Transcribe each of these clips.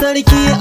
sarki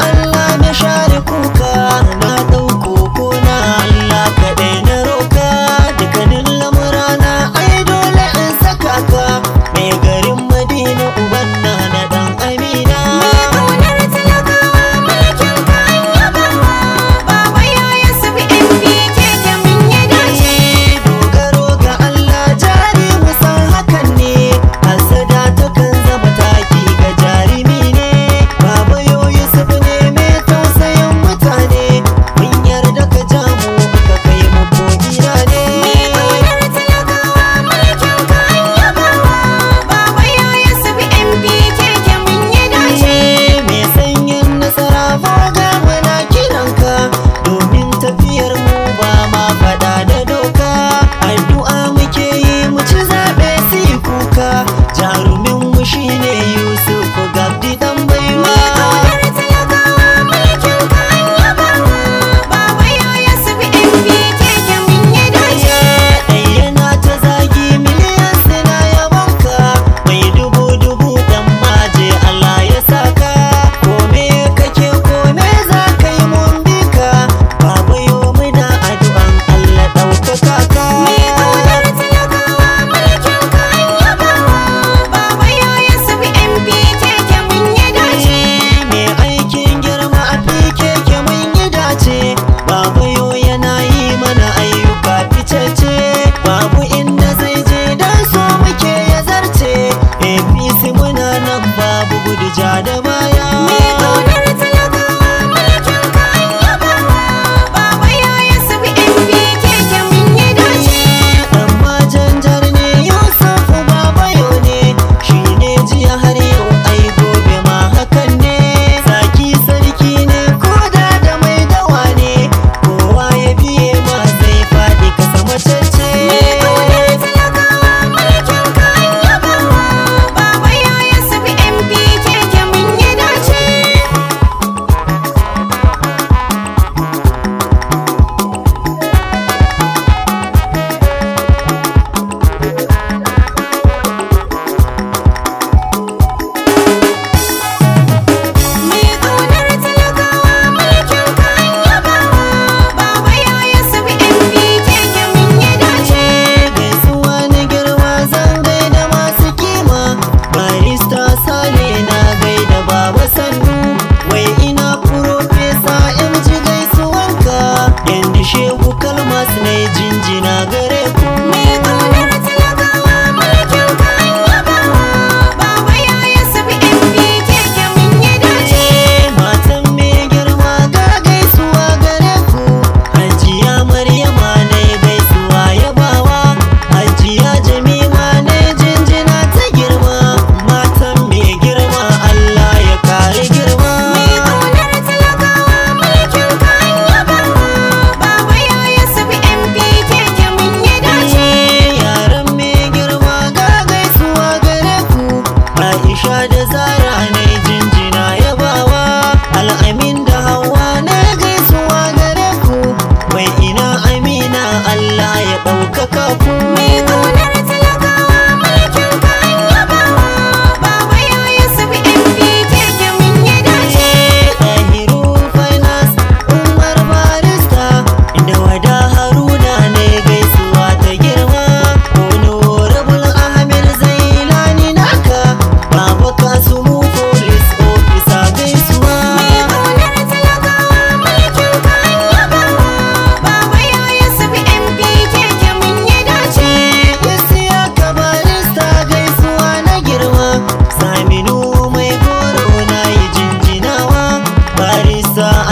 sha da zara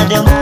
know.